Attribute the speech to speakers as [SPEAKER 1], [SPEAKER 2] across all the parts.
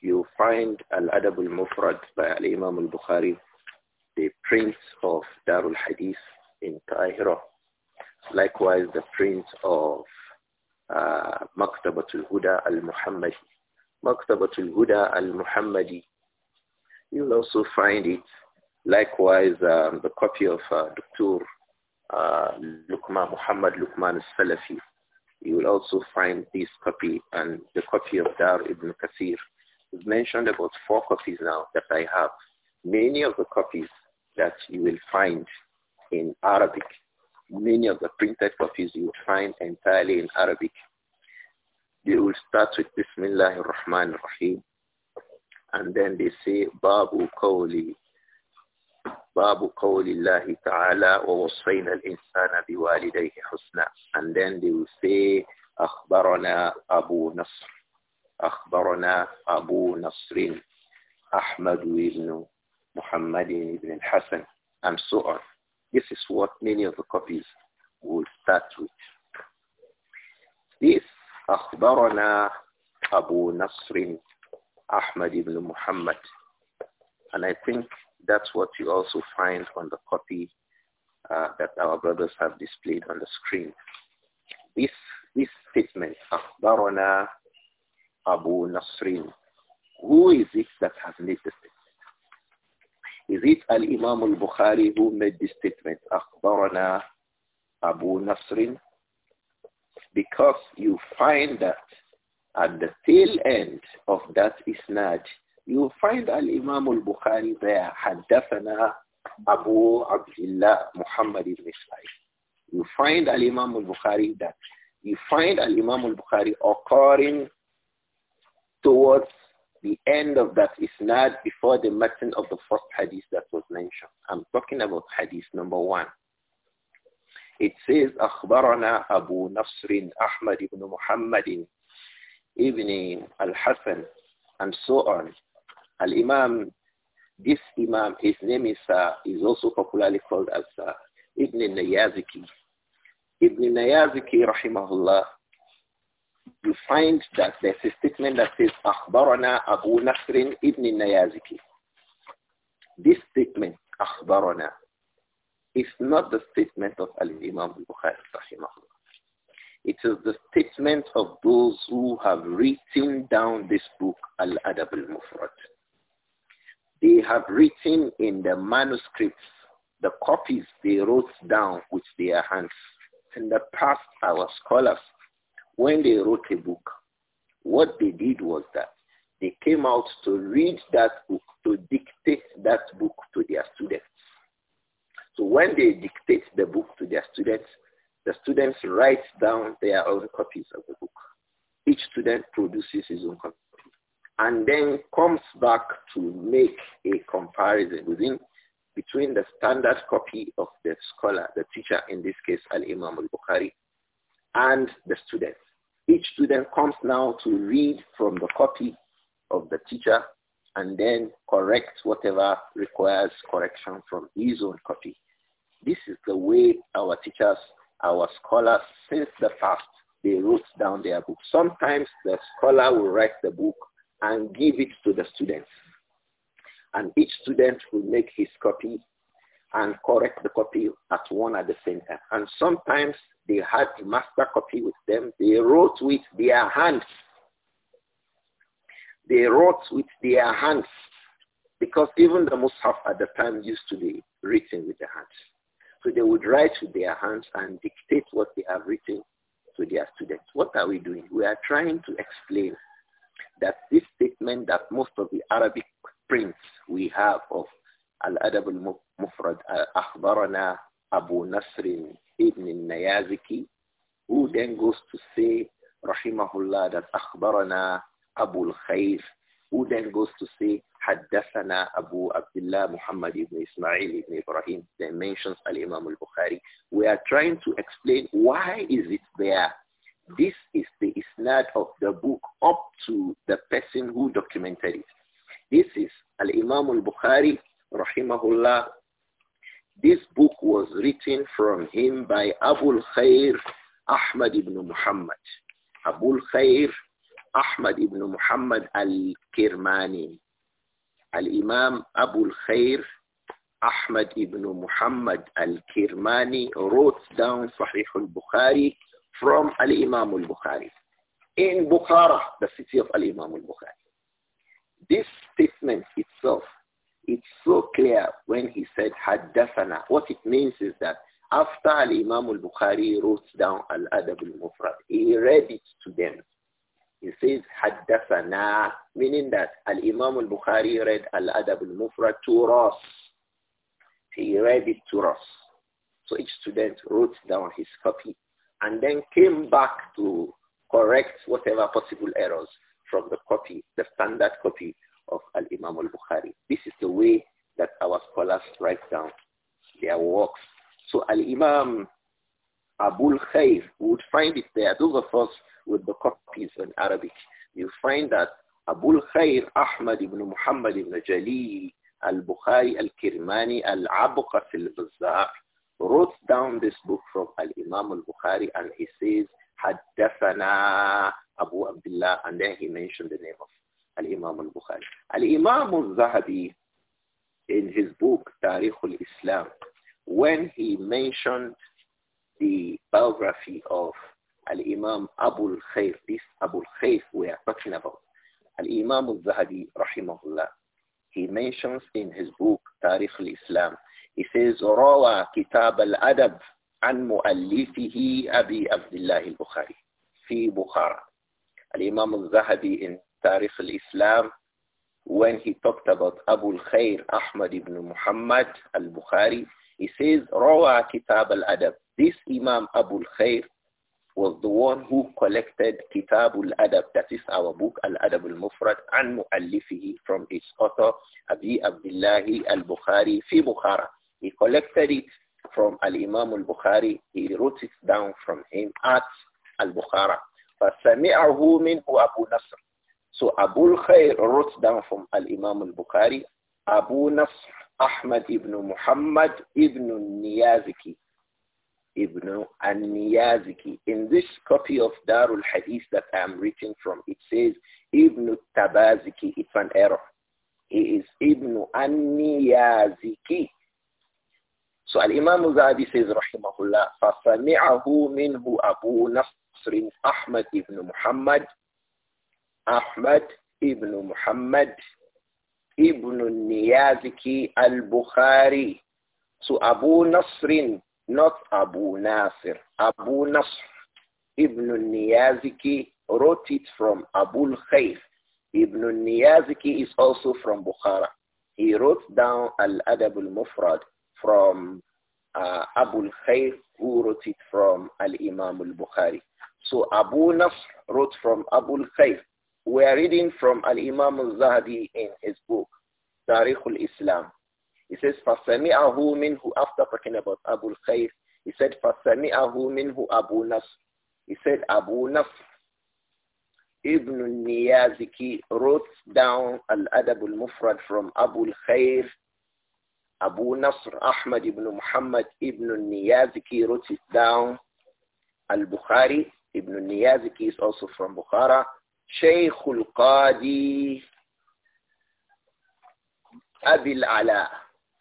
[SPEAKER 1] you find Al-Adab al-Mufrad by imam al-Bukhari, the prince of Darul Hadith in Cairo. Likewise, the prince of uh, Maktabatul Huda al-Muhammadi. Maktabatul Huda al-Muhammadi. You'll also find it. Likewise, um, the copy of uh, Dr. Uh, Lukman, Muhammad Lukman al-Salafi. You will also find this copy and the copy of Dar ibn Kathir We've mentioned about four copies now that I have. Many of the copies that you will find in Arabic, many of the printed copies you will find entirely in Arabic. You will start with Bismillah ar-Rahman rahim and then they say Babu Qawli Babu Qawli Allah Ta'ala wa wasayna al-insana biwalidayhi husna and then they will say أخبرنا Abu Nasr. أخبرنا أبو نصر أحمد بن محمد بن الحسن and so on. This is what many of the copies will start with. This أخبرنا أبو نصر أحمد بن محمد and I think that's what you also find on the copy uh, that our brothers have displayed on the screen. This, this statement, أخبرنا Abu Nasrin. Who is it that has made the statement? Is it Al-Imam al-Bukhari who made this statement? Akbarana Abu Nasrin? Because you find that at the tail end of that isnad, you find Al-Imam al-Bukhari there,
[SPEAKER 2] Haddathana
[SPEAKER 1] Abu Abdullah Muhammad ibn Ismail. You find Al-Imam al-Bukhari that. You find Al-Imam al-Bukhari occurring towards the end of that isnad before the matin of the first hadith that was mentioned. I'm talking about hadith number one. It says, أخبرنا أبو نصر أحمد بن محمد ابن الحسن and so on. Al-Imam, this Imam, his name is, uh, is also popularly called as uh, Ibn Nayaziki. Ibn Nayaziki, rahimahullah, you find that there's a statement that says, "akhbarana أبو نصر ابن This statement, "akhbarana," is not the statement of Al-Imam Bukhari, It is the statement of those who have written down this book, Al-Adab al-Mufrad. They have written in the manuscripts, the copies they wrote down with their hands. In the past, our scholars when they wrote a book, what they did was that they came out to read that book, to dictate that book to their students. So when they dictate the book to their students, the students write down their own copies of the book. Each student produces his own copy and then comes back to make a comparison within between the standard copy of the scholar, the teacher, in this case Al-Imam al-Bukhari, and the students. Each student comes now to read from the copy of the teacher and then correct whatever requires correction from his own copy. This is the way our teachers, our scholars since the past, they wrote down their book. Sometimes the scholar will write the book and give it to the students. And each student will make his copy and correct the copy at one at the same time. And sometimes they had the master copy with them. They wrote with their hands. They wrote with their hands because even the Mus'haf at the time used to be written with their hands. So they would write with their hands and dictate what they have written to their students. What are we doing? We are trying to explain that this statement that most of the Arabic prints we have of Al-Adab al-Mufrad, Akhbarana Abu Nasr ibn nayaziki who hmm. then goes to say, rahimahullah, that akhbarana Abu al-Khayf, who then goes to say, حدثنا Abu Abdullah Muhammad ibn Ismail ibn Ibrahim, then mentions Al-Imam al-Bukhari. We are trying to explain why is it there. This is the isnad of the book up to the person who documented it. This is Al-Imam al-Bukhari rahimahullah this book was written from him by Abul Khair Ahmad ibn Muhammad. Abul Khair Ahmad ibn Muhammad al-Kirmani. Al-Imam Abul Khair Ahmad ibn Muhammad al-Kirmani wrote down Sahih al-Bukhari from al-Imam al-Bukhari in Bukhara, the city of al-Imam al-Bukhari. This statement itself it's so clear when he said haddathana. What it means is that after Imam al-Bukhari wrote down al-Adab al-Mufrad, he read it to them. He says haddathana, meaning that al-Imam al-Bukhari read al-Adab al-Mufrad to us. He read it to us. So each student wrote down his copy and then came back to correct whatever possible errors from the copy, the standard copy of Al-Imam al-Bukhari. This is the way that our scholars write down their works. So Al-Imam Abul Khair would find it there. Those of us with the copies in Arabic, you find that Abul Khair Ahmad ibn Muhammad ibn Jali al-Bukhari al-Kirmani al-Abqas al Bazaar wrote down this book from Al-Imam al-Bukhari and he says, Haddathana Abu Abdullah, and then he mentioned the name of الإمام البخاري الإمام الذهبي in his book تاريخ الإسلام when he mentioned the biography of الإمام أبو الخير this أبو الخير we are talking about, الإمام الذهبي رحمه الله he mentions in his book تاريخ الإسلام he says, روى كتاب الأدب عن مؤلفه أبي عبد الله البخاري في بخارى الإمام الذهبي in Tarif al-Islam when he talked about Abu al-Khair Ahmad ibn Muhammad al-Bukhari. He says, Rawa Kitab al-Adab. This Imam Abu al-Khair was the one who collected Kitab al-Adab, that is our book, Al-Adab al-Mufrad, and Mu'allifihi from its author, Abi Abdullah al-Bukhari, fi Bukhara. He collected it from Al-Imam al-Bukhari. He wrote it down from him at al-Bukhara. فَسَمِعَهُ مِنْهُ أَبُو نَصْرٍ So Abu الخير wrote down from Al-Imam al-Bukhari, Abu محمد Ahmad ibn Muhammad ibn Niyaziki. In this copy of Darul Hadith that I am reading from, it says Ibn Tabaziki. It's an error. He is Ibn An-Niyaziki. So Al-Imam says says, Rahimahullah, فَسَمِعَهُ مِنْهُ أَبُو نَصْرٍ أَحْمَدِ ابن محمد Ahmad ibn Muhammad ibn Niyaziki al-Bukhari. So Abu Nasrin, not Abu Nasir, Abu Nasr ibn Niyaziki wrote it from Abu al-Khayf. Ibn Niyaziki is also from Bukhara. He wrote down Al-Adab al-Mufrad from uh, Abu al who wrote it from Al-Imam al-Bukhari. So Abu Nasr wrote from Abu al we are reading from Al-Imam al-Zahabi in his book, Tariq al-Islam. He says, فَسَمِعَهُ مِنْهُ After talking about Abu al-Khayr, he said, فَسَمِعَهُ مِنْهُ Abu Nasr. He said, Abu Nasr Ibn Niyaziki wrote down Al-Adab al-Mufrad from Abu al-Khair. Abu Nasr Ahmad ibn Muhammad ibn Niyaziki wrote it down. Al-Bukhari, Ibn Niyaziki is also from Bukhara. شيخ القاضي أبي العلاء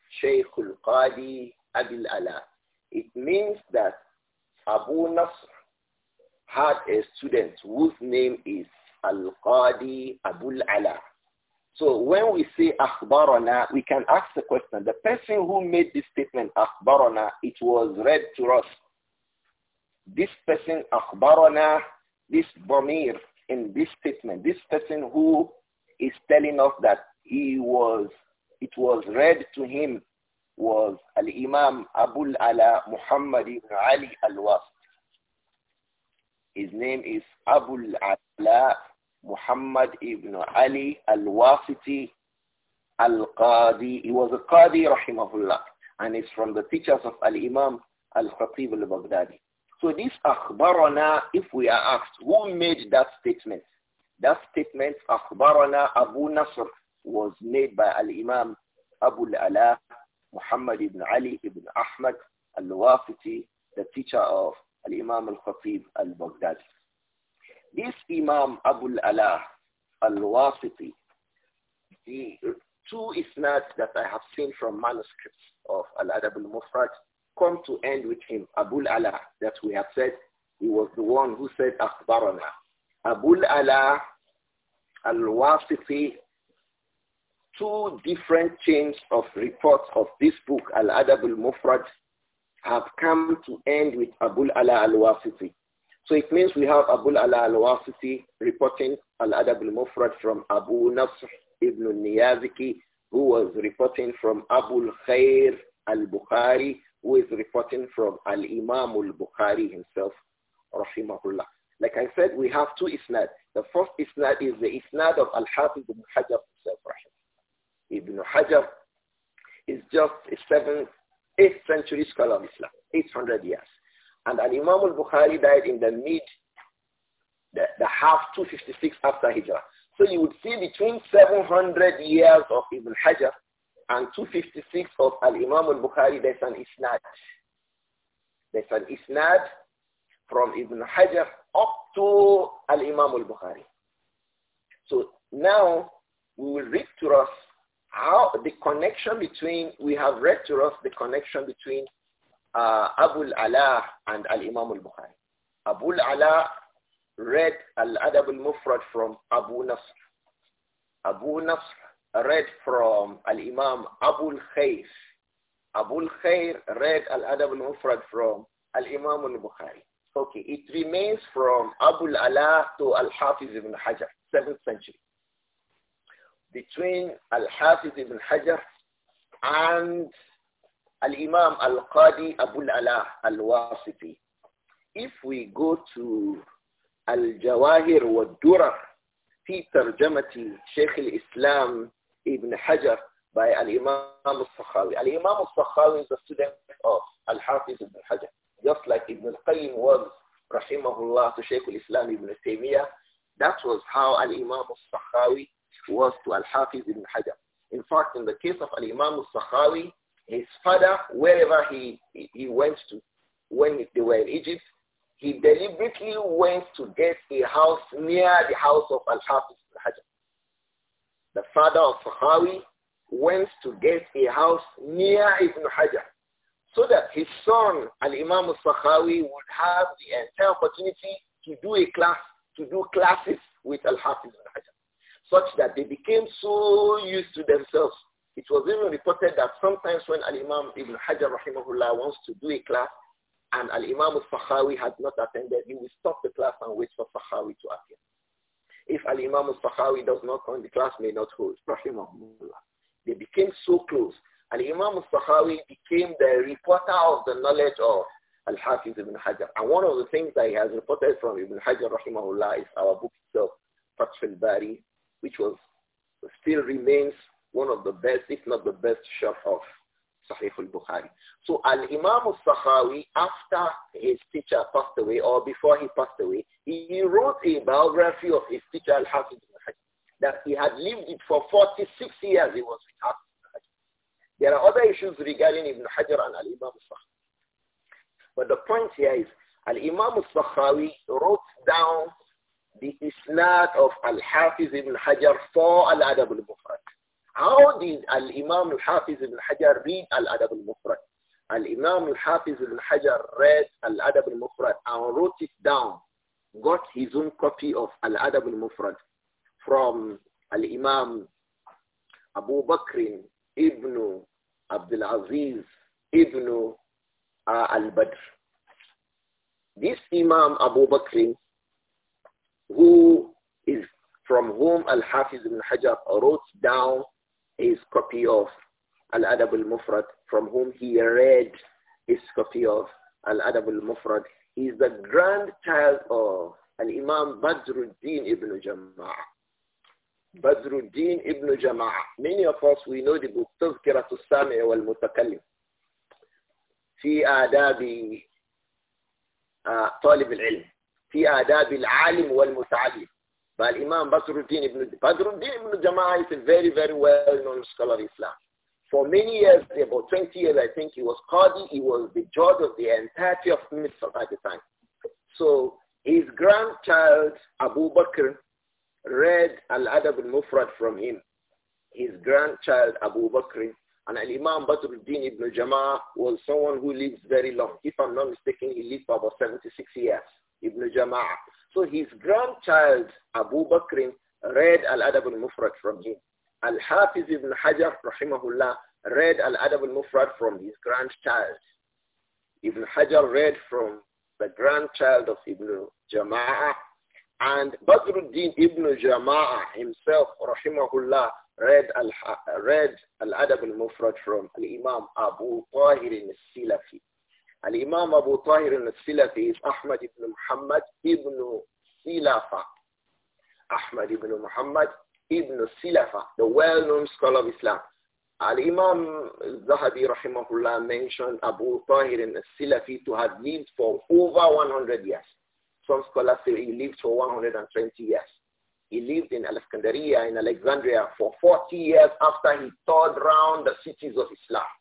[SPEAKER 1] شيخ القاضي أبي العلاء It means that Abu Nasr had a student whose name is Al-Qadi Abu al-Ala. So when we say Akhbarana, we can ask the question, the person who made this statement Akhbarana, it was read to us. This person Akhbarana, this Bamir, in this statement, this person who is telling us that he was, it was read to him was Al-Imam Abul Ala Muhammad ibn Ali Al-Wast. His name is Abul Ala Muhammad ibn Ali Al-Wasiti Al-Qadi. He was a Qadi, rahimahullah, and is from the teachers of Al-Imam Al-Khatib Al-Baghdadi. So this akhbarana, if we are asked, who made that statement? That statement, akhbarana Abu Nasr, was made by Al-Imam Abu Al-Ala, Muhammad ibn Ali ibn Ahmad Al-Wafiti, the teacher of Al-Imam Al-Khatib Al-Baghdadi. This Imam Abu Al-Ala Al-Wafiti, the two isnads that I have seen from manuscripts of Al-Adab Al-Mufrad come to end with him, Abul Ala, that we have said he was the one who said Akbarana. Abul Ala al-Wasiti, two different chains of reports of this book, Al-Adab al-Mufrad, have come to end with Abul Ala al-Wasiti. So it means we have Abul Ala al-Wasiti reporting Al-Adab al-Mufrad from Abu Nasr ibn al-Niyaziki, who was reporting from Abu al-Khair al-Bukhari, who is reporting from Al-Imam al-Bukhari himself, rahimahullah. Like I said, we have two isnad. The first isnad is the isnad of Al-Hafiz ibn Hajar himself, rahimahullah. Ibn Hajar is just a 7th, 8th century scholar of Islam, 800 years. And Al-Imam al-Bukhari died in the mid, the, the half 256 after Hijrah. So you would see between 700 years of Ibn Hajar and 256 of Al-Imam al-Bukhari, there's an isnad. There's an isnad from Ibn Hajar up to Al-Imam al-Bukhari. So now we will read to us how the connection between, we have read to us the connection between uh, Abu al-Ala and Al-Imam al-Bukhari. Abu al-Ala read Al-Adab al-Mufrad from Abu Nasr. Abu Nasr read from Al-Imam Abu al-Khair. Abu al-Khair read Al-Adab al-Mufrad from Al-Imam al-Bukhari. Okay, it remains from Abu al-Ala to Al-Hafiz ibn Hajar, 7th century. Between Al-Hafiz ibn Hajar and Al-Imam Al-Qadi Abu al-Ala al-Wasiti. If we go to Al-Jawahir wa Durar في ترجمة شيخ الإسلام Ibn Hajar by Al-Imam al-Sakhawi. Al-Imam al-Sakhawi is a student of Al-Hafiz Ibn Hajar, just like Ibn al-Qayyim was, rahimahullah, to Shaykh al-Islam Ibn Taymiyyah. That was how Al-Imam al-Sakhawi was to Al-Hafiz Ibn Hajar. In fact, in the case of Al-Imam al-Sakhawi, his father, wherever he, he, went to, when they were in Egypt, he deliberately went to get a house near the house of Al-Hafiz Ibn hajar the father of Sahawi, went to get a house near Ibn Hajar so that his son, Al-Imam al would have the entire opportunity to do a class, to do classes with Al-Hafiz hajar such that they became so used to themselves. It was even reported that sometimes when Al-Imam Ibn Hajar, rahimahullah, wants to do a class and Al-Imam al had not attended, he will stop the class and wait for Sakhawi to appear if Al-Imam al does not come, the class may not hold. Rahimahullah. They became so close. Al-Imam al became the reporter of the knowledge of Al-Hafiz ibn Hajar. And one of the things that he has reported from Ibn Hajar, rahimahullah, is our book itself, Fath al-Bari, which was still remains one of the best, if not the best, sharh of Sahih al-Bukhari. So Al-Imam al-Sakhawi, after his teacher passed away or before he passed away, he wrote a biography of his teacher Al-Hafiz that he had lived it for 46 years he was with Hafiz There are other issues regarding Ibn Hajar and Al-Imam al-Sakhawi. But the point here is Al-Imam al-Sakhawi wrote down the isnad of Al-Hafiz ibn Hajar for Al-Adab al-Bukhari. How did Al-Imam Al-Hafiz Ibn Hajar read Al-Adab Al-Mufrad? Al-Imam Al-Hafiz Ibn Hajar read Al-Adab Al-Mufrad and wrote it down, got his own copy of Al-Adab Al-Mufrad from Al-Imam Abu Bakr Ibn Abdul Aziz Ibn uh, Al-Badr. This Imam Abu Bakr, who is from whom Al-Hafiz ibn Hajar wrote down his copy of Al-Adab al-Mufrad, from whom he read his copy of Al-Adab al-Mufrad. He is the grandchild of Al-Imam Badruddin ibn Jama'ah. Badruddin ibn Jama'ah. Many of us, we know the book تذكرة Wal والمتكلم. في آداب طالب العلم. في آداب العالم والمتعلم. But Imam Badruddin ibn, Badruddin ibn is a very, very well-known scholar of Islam. For many years, about 20 years, I think he was Qadi. He was the judge of the entirety of Misr at the time. So his grandchild, Abu Bakr, read Al-Adab al-Mufrad from him. His grandchild, Abu Bakr, and Al-Imam Badruddin ibn Jamaa was someone who lived very long. If I'm not mistaken, he lived for about 76 years. Ibn Jamaa, So his grandchild, Abu Bakr, read Al-Adab al-Mufrad from him. Al-Hafiz ibn Hajar, rahimahullah, read Al-Adab al-Mufrad from his grandchild. Ibn Hajar read from the grandchild of Ibn Jamaa, And Badruddin ibn Jamaa himself, rahimahullah, read Al-Adab al, al mufrad from Al-Imam Abu Tahir al-Silafi. Al-Imam Abu Tahir al-Silafi is Ahmad ibn Muhammad ibn Silafa. Ahmad ibn Muhammad ibn Silafa, the well-known scholar of Islam. Al-Imam Zahabi rahimahullah mentioned Abu Tahir al-Silafi to have lived for over 100 years. Some scholars say he lived for 120 years. He lived in Alexandria, in Alexandria for 40 years after he toured around the cities of Islam.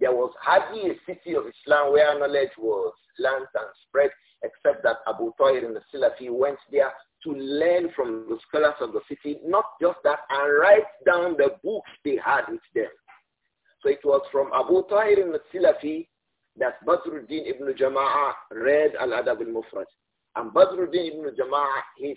[SPEAKER 1] There was hardly a city of Islam where knowledge was learnt and spread, except that Abu Tayyib and the Salafi went there to learn from the scholars of the city, not just that, and write down the books they had with them. So it was from Abu Tayyib and the Salafi that Badruddin ibn Jama'ah read Al-Adab al-Mufrad. And Badruddin ibn Jama'ah, his,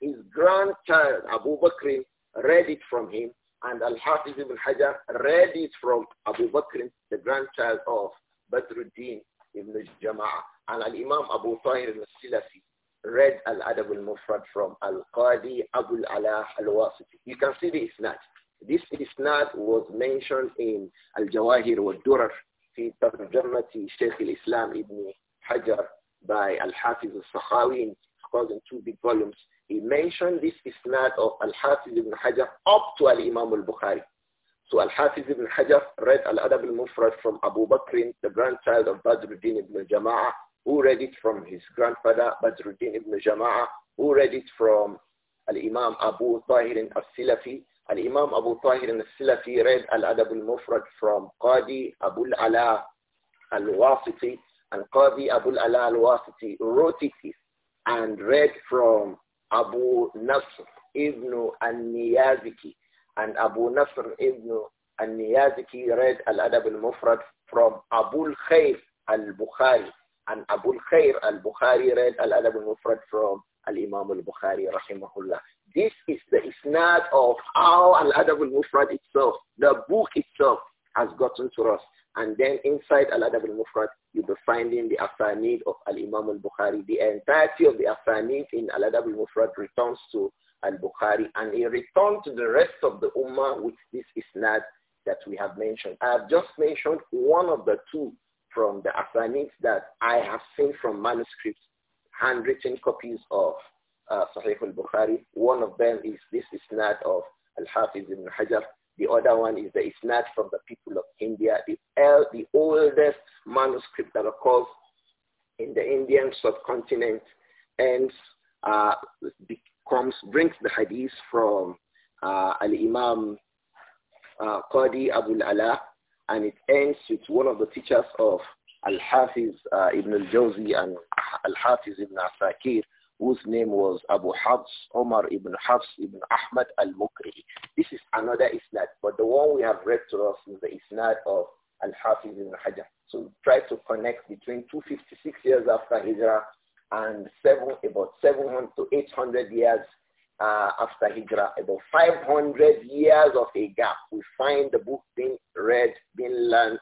[SPEAKER 1] his grandchild, Abu Bakr, read it from him. And Al-Hafiz ibn Hajar read it from Abu Bakr, the grandchild of Badruddin ibn Jama'ah. And Al-Imam Abu Tahir al-Silasi read Al-Adab al-Mufrad from Al-Qadi Abu al-Ala al-Wasiti. You can see the isnad. This isnad was mentioned in Al-Jawahir wal-Durar في Shaykh al-Islam Ibn حجر by Al-Hafiz al-Sakhawi in two big volumes he mentioned this not of Al-Hafiz ibn Hajar up to Al-Imam al-Bukhari. So Al-Hafiz ibn Hajar read Al-Adab al-Mufrad from Abu Bakr, the grandchild of Badruddin ibn Jama'ah, who read it from his grandfather Badruddin ibn Jama'ah, who read it from Al-Imam Abu Tahir al-Silafi. Al-Imam Abu Tahir al-Silafi read Al-Adab al-Mufrad from Qadi Abu al-Ala al-Wasiti, and Qadi Abu al-Ala al-Wasiti wrote it and read from Abu Nasr ibn al-Niyaziki. And Abu Nasr ibn al-Niyaziki read Al-Adab al-Mufrad from Abu al-Khair al-Bukhari. And Abu al-Khair al-Bukhari read Al-Adab al-Mufrad from Al-Imam al-Bukhari rahimahullah. This is the isnad of how Al-Adab al-Mufrad itself, the book itself, has gotten to us. And then inside Al-Adab al-Mufrad, you'll be finding the Asanid of Al-Imam al-Bukhari. The entirety of the Asanid in Al-Adab al-Mufrad returns to al-Bukhari and it returns to the rest of the Ummah with this Isnad that we have mentioned. I have just mentioned one of the two from the Asanid that I have seen from manuscripts, handwritten copies of uh, Sahih al-Bukhari. One of them is this Isnad of Al-Hafiz ibn Hajar the other one is the Isnad from the people of India, the, L, the oldest manuscript that occurs in the Indian subcontinent and uh, becomes, brings the hadith from uh, Al-Imam uh, Qadi Abu Ala and it ends with one of the teachers of Al-Hafiz uh, Ibn al-Jawzi and Al-Hafiz Ibn Asakir whose name was Abu Hafs, Omar ibn Hafs ibn Ahmad al-Mukri another isnad, but the one we have read to us is the isnad of Al-Hafiz ibn Hajar. So try to connect between 256 years after Hijrah and seven, about 700 to 800 years uh, after Hijrah, about 500 years of a gap. We find the book being read, being learned,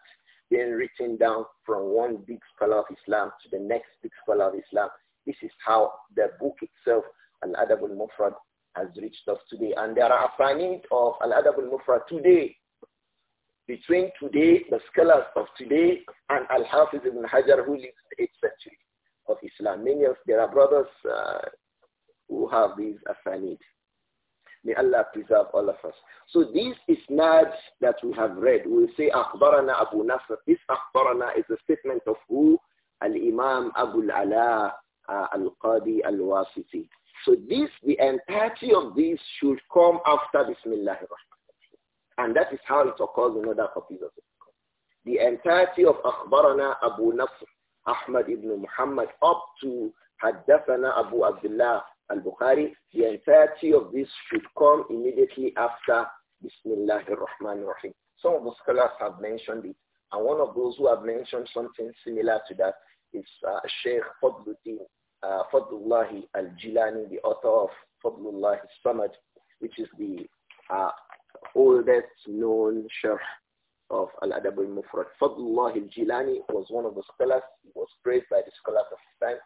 [SPEAKER 1] being written down from one big scholar of Islam to the next big scholar of Islam. This is how the book itself, Al-Adab al-Mufrad, has reached us today. And there are asanid of Al-Adab al-Mufrad today. Between today, the scholars of today, and Al-Hafiz ibn Hajar who lives in the 8th century of Islam. Many of there are brothers uh, who have these asanid. May Allah preserve all of us. So this is not that we have read. We'll say Akbarana Abu Nasr. This Akbarana is a statement of who? Al-Imam Abu Al-Ala uh, Al-Qadi Al-Wasiti. So this, the entirety of this should come after Bismillah And that is how it occurs in other copies of the Quran. The entirety of Akhbarana Abu Nasr, Ahmad ibn Muhammad, up to Haddathana Abu Abdullah al-Bukhari, the entirety of this should come immediately after Bismillah ar-Rahman rahim Some of the scholars have mentioned it. And one of those who have mentioned something similar to that is uh, Sheikh Fadluddin uh, Fadlullah al-Jilani, the author of Fadlullah al-Samad, which is the uh, oldest known sharh of Al-Adab al-Mufrad. Fadlullah al-Jilani was one of the scholars. He was praised by the scholars of his time.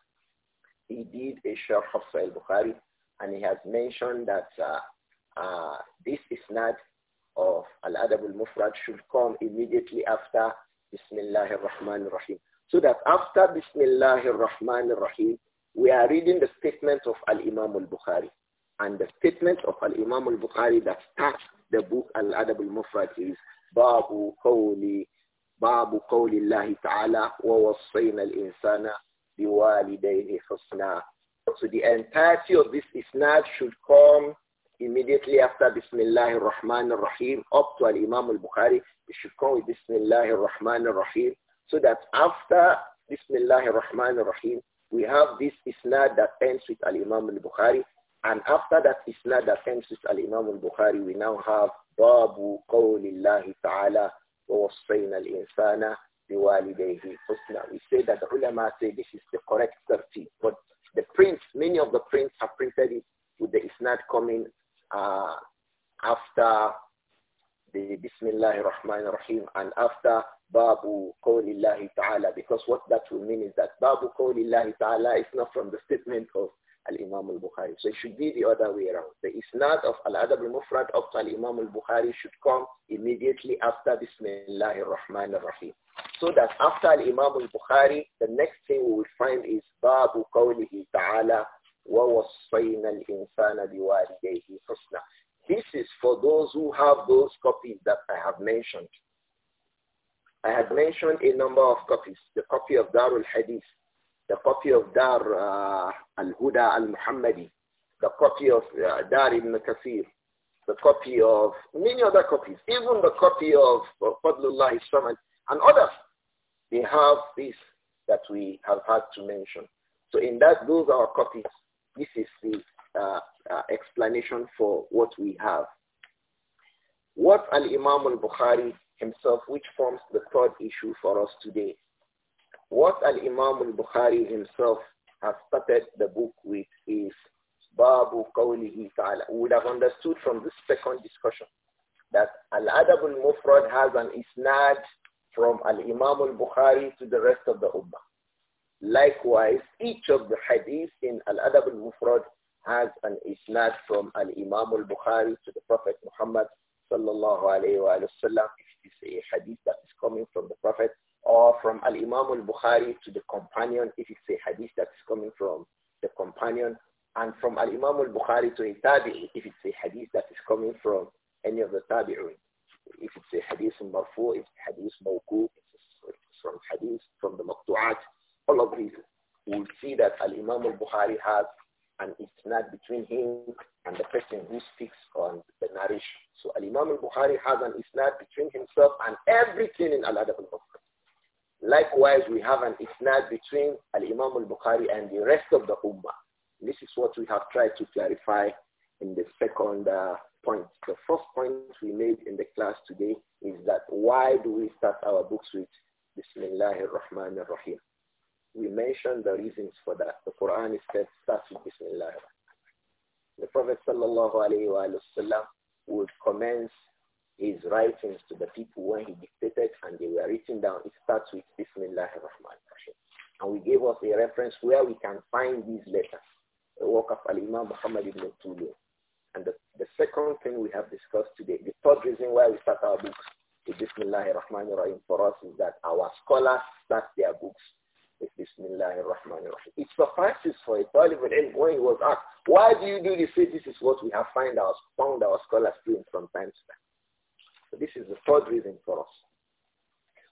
[SPEAKER 1] He did a sharh of Sahih Bukhari, and he has mentioned that uh, uh, this isnad of Al-Adab al-Mufrad should come immediately after r-Rahman Rahmanir Rahim. So that after r-Rahman Rahmanir Rahim, we are reading the statement of Al-Imam al-Bukhari. And the statement of Al-Imam al-Bukhari that starts the book Al-Adab al-Mufrad is Babu Qawli Allah Taala, wa تعالى al-insana بوالديه حسنا So the entirety of this isnad should come immediately after Bismillah ar-Rahman ar-Rahim up to Al-Imam al-Bukhari. It should come with Bismillah ar-Rahman ar-Rahim so that after Bismillah ar-Rahman ar-Rahim we have this isnad that ends with al-Imam al-Bukhari. And after that isnad that ends with al-Imam al-Bukhari, we now have Babu Qawlillahi Ta'ala wa wasfayna al-insana biwalidayhi husna. We say that the ulama say this is the correct tafsir. But the prints, many of the prints have printed it with the isnad coming uh, after the Bismillahir Rahmanir Rahim and after Babu Qawlillahi Ta'ala because what that will mean is that Babu Qawlillahi Ta'ala is not from the statement of Al-Imam al-Bukhari. So it should be the other way around. The isnad of Al-Adab al-Mufrad of Al-Imam al-Bukhari should come immediately after Bismillah ar-Rahman rahim So that after Al-Imam al-Bukhari, the next thing we will find is Babu Qawlihi Ta'ala wa وَوَصَّيْنَا الْإِنسَانَ بِوَالِدَيْهِ husna. This is for those who have those copies that I have mentioned. I had mentioned a number of copies, the copy of Darul Hadith, the copy of Dar uh, al-Huda al-Muhammadi, the copy of uh, Dar ibn Kathir, the copy of many other copies, even the copy of uh, Fadlullah Islam and others. They have this that we have had to mention. So in that, those are copies. This is the uh, uh, explanation for what we have. What Al-Imam al-Bukhari himself, which forms the third issue for us today. What Al-Imam al-Bukhari himself has started the book with is Babu Qawlihi Ta'ala. We would have understood from this second discussion that Al-Adab al-Mufrad has an isnad from Al-Imam al-Bukhari to the rest of the Ummah. Likewise, each of the hadith in Al-Adab al-Mufrad has an isnad from Al-Imam al-Bukhari to the Prophet Muhammad sallallahu alayhi wa sallam if it is a hadith that is coming from the Prophet or from Al-Imam al-Bukhari to the companion if it's a hadith that is coming from the companion and from Al-Imam al-Bukhari to a tabi'i if it's a hadith that is coming from any of the tabi'un. If it's a hadith marfu, if it's a hadith mawku, if it's from hadith from the maqtu'at, all of these, we'll see that Al-Imam al-Bukhari has an isnad between him and the person who speaks on the narration. So Al-Imam al-Bukhari has an isnad between himself and everything in Al-Adab al-Mufrad. Likewise, we have an isnad between Al-Imam al-Bukhari and the rest of the Ummah. This is what we have tried to clarify in the second uh, point. The first point we made in the class today is that why do we start our books with Bismillahir Rahmanir Rahim? We mentioned the reasons for that. The Quran is said, start with Bismillah. The Prophet sallallahu would commence his writings to the people when he dictated and they were written down. It starts with Bismillah rahman And we gave us a reference where we can find these letters. The work of Al-Imam Muhammad ibn Tulu. And the, the second thing we have discussed today, the third reason why we start our books with Bismillah ar-Rahman rahim for us is that our scholars start their books with Bismillah ar-Rahman ar-Rahim. It suffices for a Talib al when he was asked, why do you do this? This is what we have find our, found our scholars doing from time to time. So this is the third reason for us.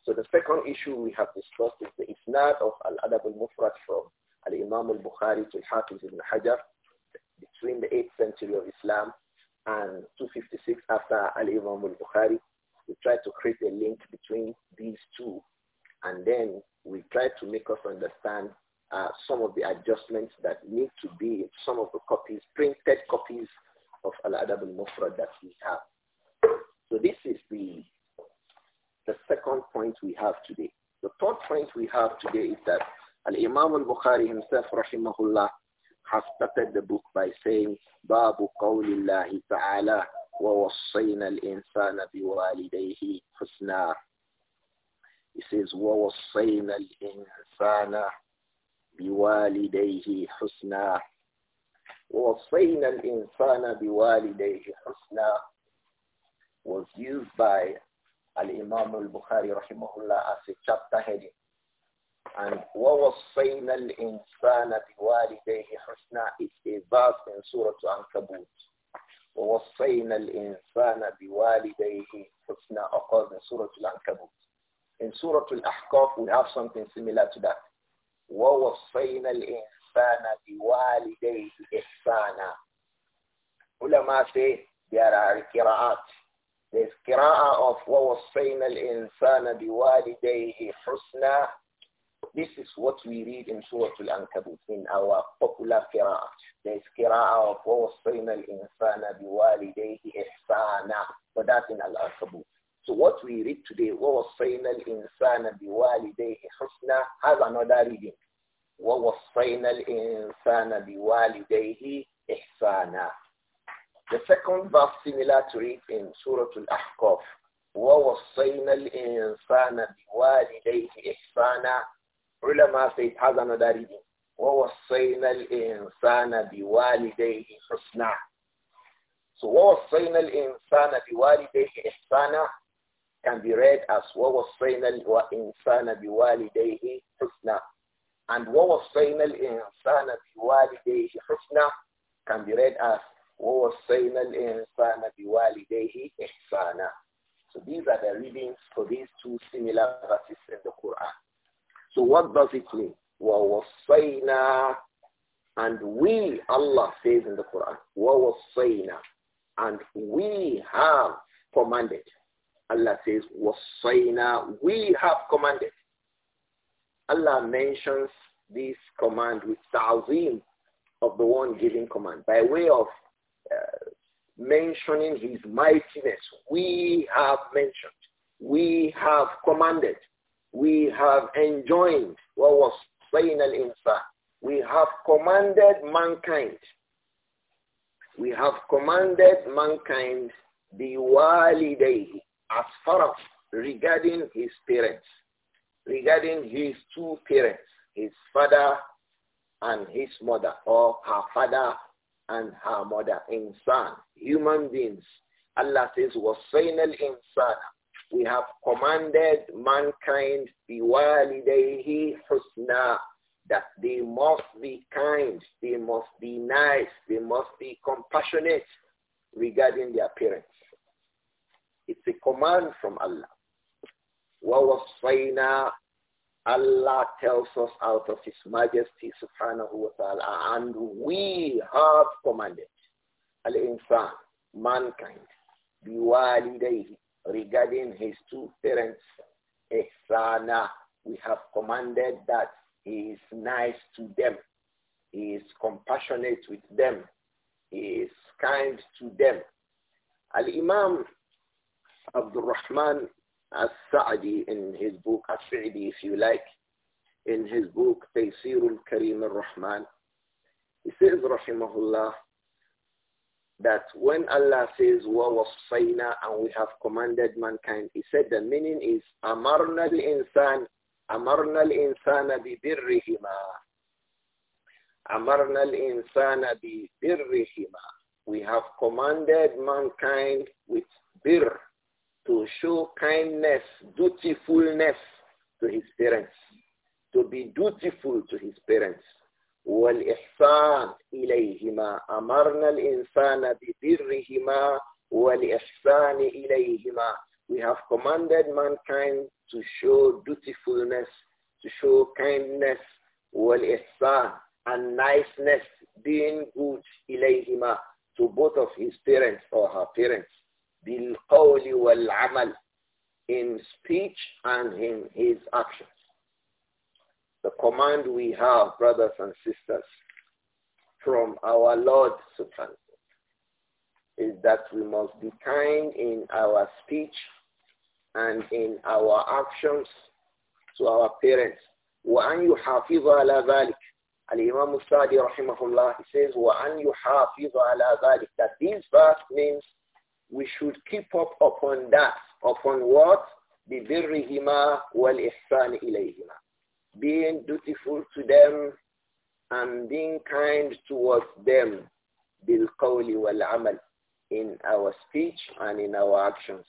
[SPEAKER 1] So the second issue we have discussed is the isnad of Al-Adab al-Mufrad from Al-Imam al-Bukhari to Al-Hafiz al Hajar between the 8th century of Islam and 256 after Al-Imam al-Bukhari. We try to create a link between these two and then we try to make us understand uh, some of the adjustments that need to be in some of the copies, printed copies of Al-Adab al-Mufrad that we have. So this is the, the second point we have today. The third point we have today is that Al-Imam al-Bukhari himself, rahimahullah, has started the book by saying, Babu qawlillahi ta'ala, وَوَصَّيْنَا الْإِنسَانَ بِوَالِدَيْهِ حُسْنًا he says, وَوَصَّيْنَا الْإِنسَانَ بِوَالِدَيْهِ حُسْنًا وَوَصَّيْنَا الْإِنسَانَ بِوَالِدَيْهِ حُسْنًا was used by Al-Imam al-Bukhari rahimahullah as a chapter heading. And وَوَصَّيْنَا الْإِنسَانَ بِوَالِدَيْهِ حُسْنًا is a verse in Surah Al-Ankabut. وَوَصَّيْنَا الْإِنسَانَ بِوَالِدَيْهِ حُسْنًا occurs in Surah Al-Ankabut. In Surah Al-Ahqaf, we have something similar to that. وَوَصَّيْنَا الْإِنسَانَ بِوَالِدَيْهِ إِحْسَانًا Ulama say there are qira'at. There's qira'ah of وَوَصَّيْنَا الْإِنسَانَ بِوَالِدَيْهِ حُسْنًا This is what we read in Surah Al-Ankabut in our popular qira'at. There's qira'ah of وَوَصَّيْنَا الْإِنسَانَ بِوَالِدَيْهِ إِحْسَانًا For that in Al-Ankabut. So what we read today, وَوَصَّيْنَا الْإِنسَانَ بِوَالِدَيْهِ حُسْنًا has another reading. وَوَصَّيْنَا الْإِنسَانَ بِوَالِدَيْهِ إِحْسَانًا The second verse similar to it in Surah Al-Ahqaf. وَوَصَّيْنَا الْإِنسَانَ بِوَالِدَيْهِ إِحْسَانًا Ulama say it has another reading. وَوَصَّيْنَا الْإِنسَانَ بِوَالِدَيْهِ حُسْنًا So وَوَصَّيْنَا الْإِنسَانَ بِوَالِدَيْهِ إِحْسَانًا can be read as وَوَصَّيْنَا الْإِنسَانَ بِوَالِدَيْهِ حُسْنًا and وَوَصَّيْنَا الْإِنسَانَ بِوَالِدَيْهِ حُسْنًا can be read as وَوَصَّيْنَا الْإِنسَانَ بِوَالِدَيْهِ إِحْسَانًا So these are the readings for these two similar verses in the Quran. So what does it mean? وَوَصَّيْنَا And we, Allah says in the Quran, وَوَصَّيْنَا And we have commanded. Allah says, "Wasayna, We have commanded. Allah mentions this command with ta'zim of the one giving command by way of uh, mentioning his mightiness. We have mentioned. We have commanded. We have enjoined what was saying al-insan. We have commanded mankind. We have commanded mankind the day as far as regarding his parents, regarding his two parents, his father and his mother, or her father and her mother, insan, human beings. Allah says, وَصَيْنَا الْإِنسَانَ We have commanded mankind بِوَالِدَيْهِ husna that they must be kind, they must be nice, they must be compassionate regarding their parents. It's a command from Allah. وَوَصَّيْنَا Allah tells us out of His Majesty subhanahu wa ta'ala and we have commanded al-insan, mankind, biwalidayhi, regarding his two parents, ihsana, we have commanded that he is nice to them, he is compassionate with them, he is kind to them. Al-Imam Abdul Rahman As-Sa'di in his book al sadi if you like, in his book al Karim al rahman he says, Rahimahullah, that when Allah says wa wasfayna and we have commanded mankind, he said the meaning is amarna al-insan, amarna al-insana bi birrihima. Amarna al-insana bi birrihima. We have commanded mankind with birr, to show kindness, dutifulness to his parents, to be dutiful to his parents. والإحسان إليهما أمرنا الإنسان ببرهما والإحسان إليهما We have commanded mankind to show dutifulness, to show kindness, والإحسان and niceness, being good إليهما to both of his parents or her parents. بالقول والعمل in speech and in his actions. The command we have, brothers and sisters, from our Lord Subhanahu is that we must be kind in our speech and in our actions to our parents. وأن يحافظ على ذلك Ali imam Mustadi rahimahullah, he says, وَأَنْ يُحَافِظَ عَلَى ذَلِكَ That this verse means we should keep up upon that, upon what? wal وَالْإِحْسَانِ إِلَيْهِمَا Being dutiful to them and being kind towards them wal amal in our speech and in our actions.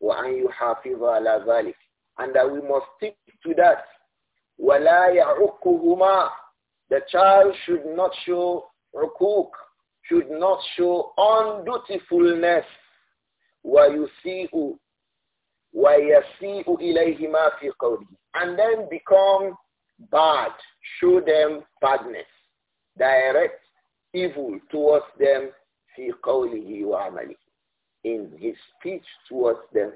[SPEAKER 1] an يُحَافِظَ عَلَى zalik, And that we must stick to that. وَلَا يَعُقُّهُمَا The child should not show عُقُوق, should not show undutifulness وَيُسِيءُ وَيَسِيءُ إِلَيْهِمَا فِي قَوْلِهِ And then become bad. Show them badness. Direct evil towards them فِي قَوْلِهِ وَعَمَلِهِ In his speech towards them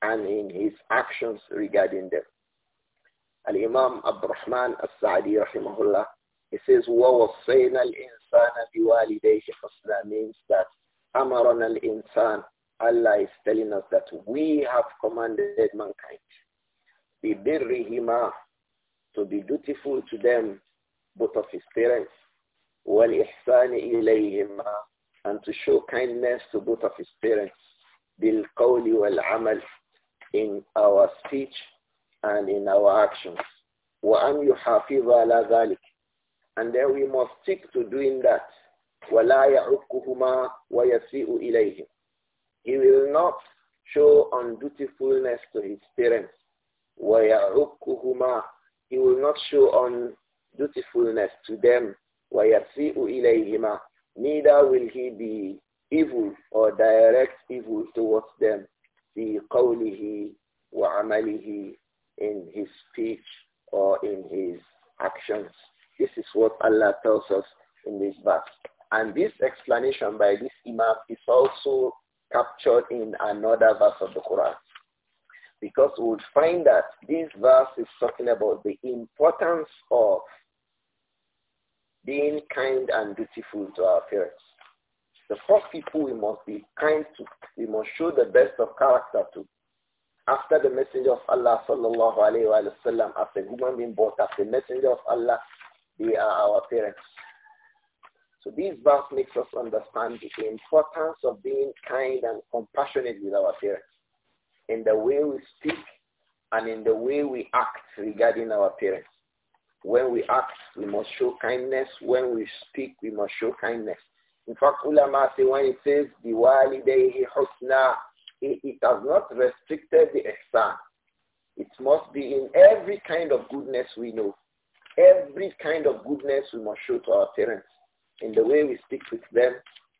[SPEAKER 1] and in his actions regarding them. Al-Imam Abdurrahman al sadi الله he says, وَوَصَّيْنَا الْإِنسَانَ بِوَالِدَيْهِ حُسْنًا means that أَمَرَنَا الْإِنسَانَ Allah is telling us that we have commanded mankind بِبِرِّهِمَا to be dutiful to them, both of his parents, وَالْإِحْسَانِ إِلَيْهِمَا and to show kindness to both of his parents, بِالْقَوْلِ وَالْعَمَلِ in our speech and in our actions. وَأَنْ يُحَافِظَ عَلَى ذَلِكَ And then we must stick to doing that. وَلَا wa وَيَسِيءُ إِلَيْهِمْ he will not show undutifulness to his parents. وَيَعُقُّهُمَا He will not show undutifulness to them. وَيَسِئُ إِلَيْهِمَا Neither will he be evil or direct evil towards them. في قوله وعمله in his speech or in his actions. This is what Allah tells us in this verse. And this explanation by this Imam is also captured in another verse of the Quran. Because we would find that this verse is talking about the importance of being kind and dutiful to our parents. The first people we must be kind to, we must show the best of character to. After the messenger of Allah sallallahu alayhi wa sallam, as a human being, but as a messenger of Allah, they are our parents. So this verse makes us understand the importance of being kind and compassionate with our parents in the way we speak and in the way we act regarding our parents. When we act, we must show kindness. When we speak, we must show kindness. In fact, ulama say when it says biwalidehi husna, it, it has not restricted the ihsan. It must be in every kind of goodness we know. Every kind of goodness we must show to our parents in the way we speak with them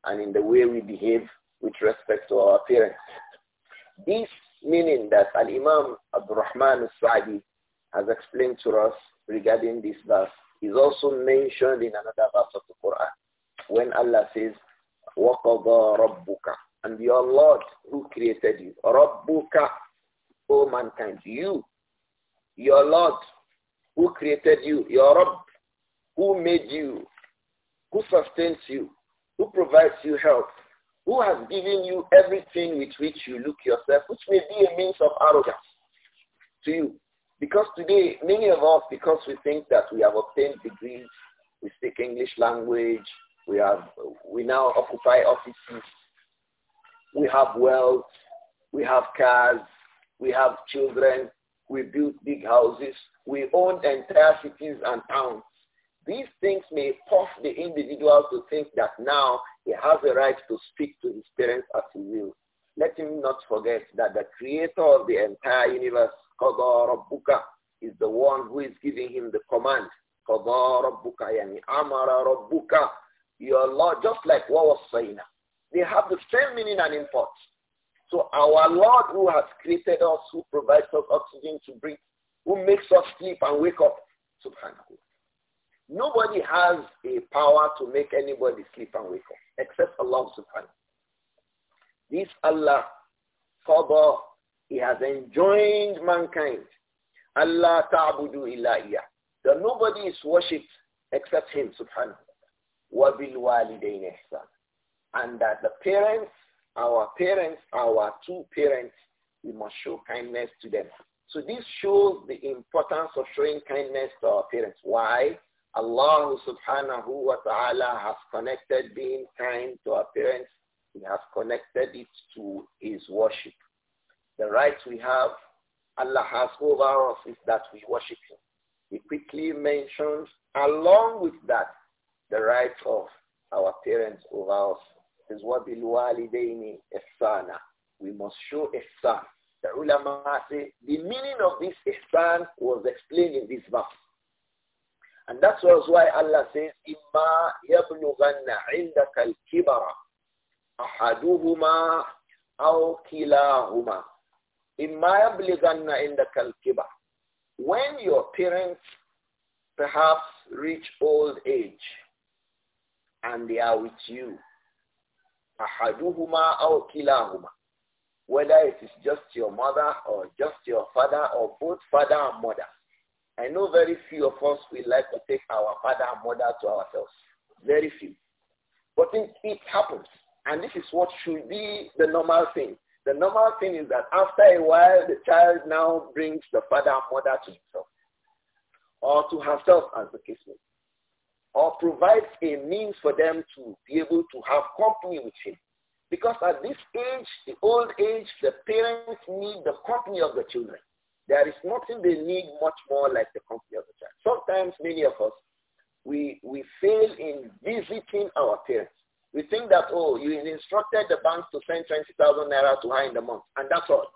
[SPEAKER 1] and in the way we behave with respect to our parents. This meaning that Al-Imam Rahman al-Sa'di has explained to us regarding this verse is also mentioned in another verse of the Quran when Allah says, وَقَضَى رَبُّكَ And your Lord who created you, رَبُّكَ, O mankind, you, your Lord who created you, your Rabb, who made you, who sustains you, who provides you help, who has given you everything with which you look yourself, which may be a means of arrogance to you. Because today, many of us, because we think that we have obtained degrees, we speak English language, we, have, we now occupy offices, we have wealth, we have cars, we have children, we build big houses, we own entire cities and towns. These things may force the individual to think that now he has a right to speak to his parents as he will. Let him not forget that the creator of the entire universe, Qadarabuka, is the one who is giving him the command. Qadarabuka, yani amara rabbuka. Your Lord, just like what was saying, they have the same meaning and import. So our Lord who has created us, who provides us oxygen to breathe, who makes us sleep and wake up, subhanahu Nobody has a power to make anybody sleep and wake up except Allah subhanahu. This Allah, Father, He has enjoined mankind. Allah ta'budu That nobody is worshipped except Him subhanahu. wa walidain And that the parents, our parents, our two parents, we must show kindness to them. So this shows the importance of showing kindness to our parents. Why? Allah subhanahu wa ta'ala has connected being kind to our parents. He has connected it to his worship. The right we have, Allah has over us is that we worship him. He quickly mentions along with that the right of our parents over us is what bilwalidaini ihsana. We must show ihsan. The ulama say the meaning of this ihsan was explained in this verse. And that was why Allah says, إِمَّا يَبْلُغَنَّ عِنْدَكَ الْكِبَرَ أَحَدُهُمَا أَوْ كِلَاهُمَا إِمَّا يَبْلُغَنَّ عِنْدَكَ الْكِبَرَ When your parents perhaps reach old age and they are with you, أَحَدُهُمَا أَوْ كِلَاهُمَا Whether it is just your mother or just your father or both father and mother I know very few of us will like to take our father and mother to ourselves. Very few. But it happens. And this is what should be the normal thing. The normal thing is that after a while, the child now brings the father and mother to himself or to herself as the case may be, or provides a means for them to be able to have company with him. Because at this age, the old age, the parents need the company of the children. There is nothing they need much more like the company of the child. Sometimes many of us, we, we fail in visiting our parents. We think that, oh, you instructed the bank to send 20,000 naira to her in the month, and that's all.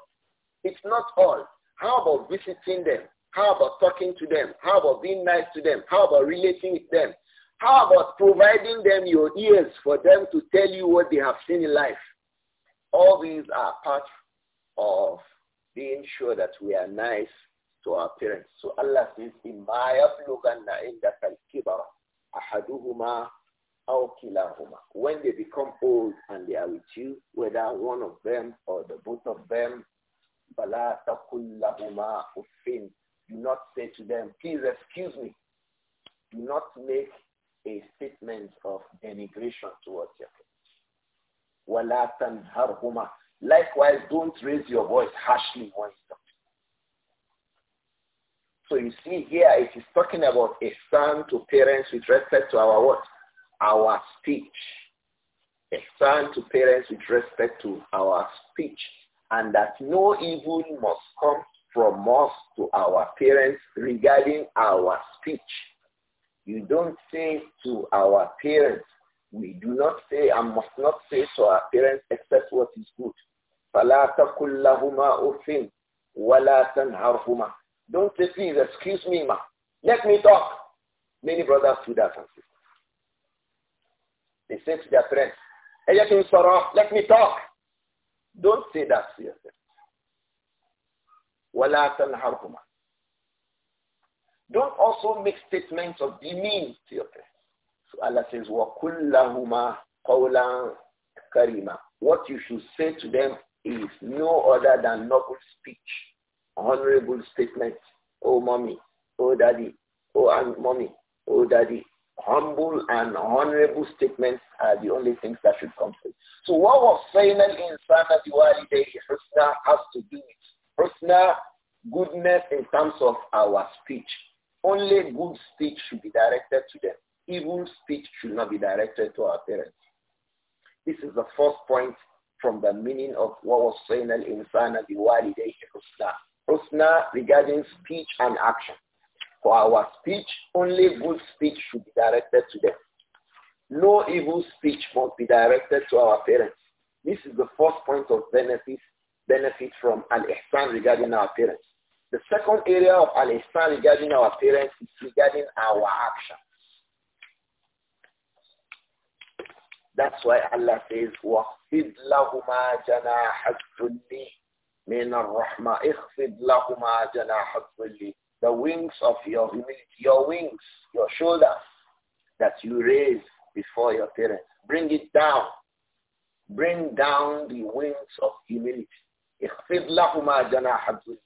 [SPEAKER 1] It's not all. How about visiting them? How about talking to them? How about being nice to them? How about relating with them? How about providing them your ears for them to tell you what they have seen in life? All these are part of being sure that we are nice to our parents. So Allah says, إِمَّا يَبْلُغَنَّ عِنْدَكَ الْكِبَرَ أَحَدُهُمَا أَوْ كِلَاهُمَا When they become old and they are with you, whether one of them or the both of them, فَلَا تَقُلْ لَهُمَا Do not say to them, please excuse me. Do not make a statement of denigration towards your parents. وَلَا تَنْهَرْهُمَا Likewise, don't raise your voice harshly when he's talking. So you see here, it is talking about a son to parents with respect to our what? Our speech. A son to parents with respect to our speech. And that no evil must come from us to our parents regarding our speech. You don't say to our parents, we do not say and must not say to our parents except what is good. فَلَا تَقُلْ لَهُمَا أُفٍ وَلَا تَنْهَرْهُمَا Don't say, please, excuse me, ma. Let me talk. Many brothers do that and sisters. They say to their parents, hey, let me talk. Don't say that to yourself. وَلَا تَنْهَرْهُمَا Don't also make statements of demean to your parents. So Allah says, وَكُلَّهُمَا قَوْلًا karima. What you should say to them is no other than noble speech, honorable statements. Oh mommy, oh daddy, oh aunt mommy, oh daddy. Humble and honorable statements are the only things that should come from. So what was saying in insan at walidayhi husna has to do with husna, goodness in terms of our speech. Only good speech should be directed to them evil speech should not be directed to our parents. This is the first point from the meaning of what was saying al-insana biwalidayhi husna. Husna regarding speech and action. For our speech, only good speech should be directed to them. No evil speech must be directed to our parents. This is the first point of benefit, benefit from al-ihsan regarding our parents. The second area of al-ihsan regarding our parents is regarding our action. That's why Allah says, وَخْفِضْ لَهُمَا جَنَاحَ الذُّلِّ مِنَ الرَّحْمَةِ اخْفِضْ لَهُمَا جَنَاحَ الذُّلِّ The wings of your humility, your wings, your shoulders that you raise before your parents. Bring it down. Bring down the wings of humility. اخْفِضْ لَهُمَا جَنَاحَ الذُّلِّ